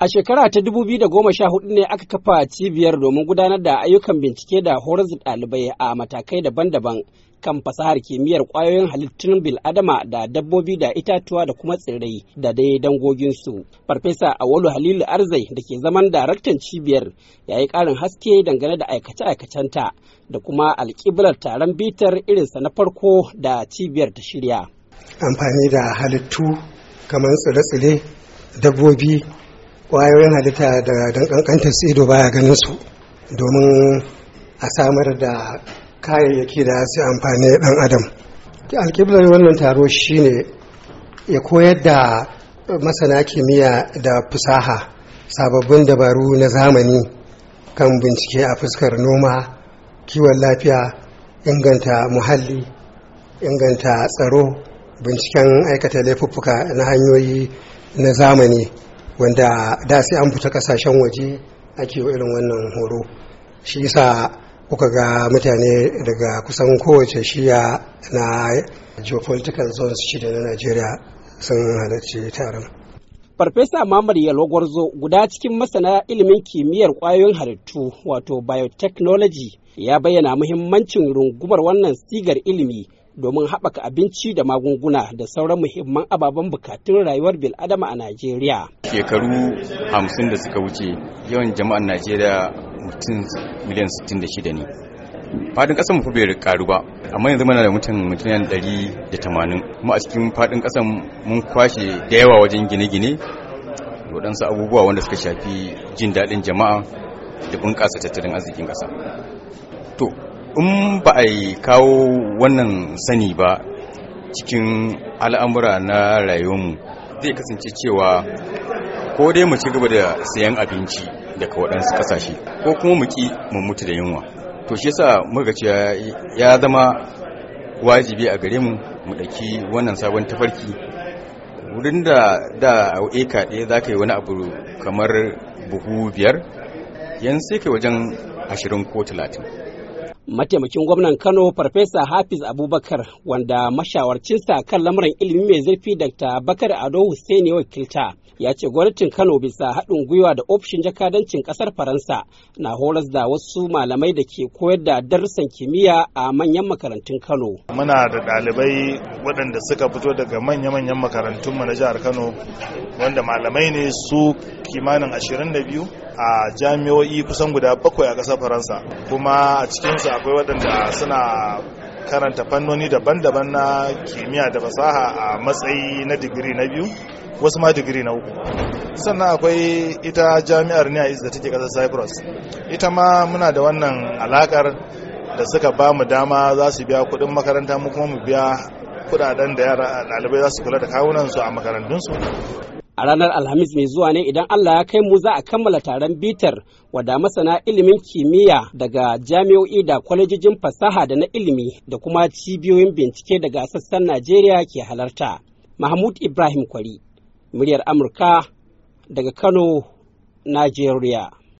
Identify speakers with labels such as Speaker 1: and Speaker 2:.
Speaker 1: A shekara ta 2014 ne aka kafa cibiyar domin gudanar da ayyukan bincike da horar ɗalibai a matakai daban-daban kan fasahar kimiyyar ƙwayoyin halittun bil'adama da dabbobi da itatuwa da kuma tsirrai da dai dangoginsu. Farfesa Awolu Halilu Arzai da ke zaman daraktan cibiyar ya yi ƙarin haske dangane da aikace-aikacenta da kuma alƙiblar taron bitar irinsa na farko da cibiyar ta shirya.
Speaker 2: Amfani da halittu kamar tsire-tsire dabbobi ƙwayoyin halitta da ɗanƙantar su ido baya ganin su domin a samar da kayayyaki da su amfani ɗan adam alƙiblar wannan taro shine ya koyar da masana kimiyya da fusaha sababbin dabaru na zamani kan bincike a fuskar noma kiwon lafiya inganta muhalli inganta tsaro binciken aikata laifuffuka na hanyoyi na zamani wanda da sai an fita kasashen waje ake irin wannan horo shi yasa kuka ga mutane daga kusan kowace shiya na geopolitical
Speaker 1: zones shida na najeriya sun halarci taron farfesa mamar yalwagwarzo guda cikin masana ilimin kimiyyar kwayoyin halittu wato biotechnology ya bayyana muhimmancin rungumar wannan sigar ilimi domin haɓaka abinci da magunguna da sauran muhimman ababen bukatun rayuwar bil'adama a Najeriya.
Speaker 3: Shekaru hamsin da suka wuce yawan jama'ar Najeriya mutum miliyan 66 ne. Fadin ƙasar mu bai karu ba, amma yanzu muna da mutum miliyan 180. Kuma a cikin fadin ƙasar mun kwashe da yawa wajen gine-gine, waɗansu abubuwa wanda suka shafi jin daɗin jama'a da bunƙasa tattalin arzikin ƙasa. To, in ba a kawo wannan sani ba cikin al'amura na rayuwarmu zai kasance cewa ko dai mu ci gaba da sayan abinci daga waɗansu ƙasashe ko kuma mu ƙi mu mutu da yunwa to shi yasa muka cewa ya zama wajibi a gare mu mu ɗauki wannan sabon tafarki wurin da da eka ɗaya za ka yi wani abu kamar buhu biyar yanzu sai kai wajen ashirin ko talatin
Speaker 1: mataimakin gwamnan kano farfesa hafiz abubakar wanda mashawarcinsa kan lamuran ilimi mai zurfi dr bakar ado hussaini wakilta ya ce gwamnatin kano bisa haɗin gwiwa da ofishin jakadancin ƙasar faransa na horas da wasu malamai da ke koyar
Speaker 4: da darussan kimiyya a manyan makarantun kano muna da ɗalibai waɗanda suka fito daga manya-manyan makarantunmu na jihar kano wanda malamai ne su kimanin 22 a jami'o'i kusan guda bakwai a ƙasar faransa kuma a cikinsu akwai waɗanda suna karanta fannoni daban-daban na kimiyya da fasaha a matsayi na digiri na biyu wasu ma digiri na uku sannan akwai ita jami'ar neais da take ƙasar cyprus ita ma muna da wannan alakar da suka ba mu dama za su biya kuɗin makaranta mu kuma mu biya kudaden da yara ɗalibai za su kula da kawunansu a makarantunsu
Speaker 1: a ranar alhamis mai zuwa ne idan allah ya kai mu za a kammala taron bitar wada masana ilimin kimiyya daga jami'o'i da kwalejijin fasaha da na ilimi da kuma cibiyoyin bincike daga sassan najeriya ke halarta mahmud ibrahim kwari muryar amurka daga kano najeriya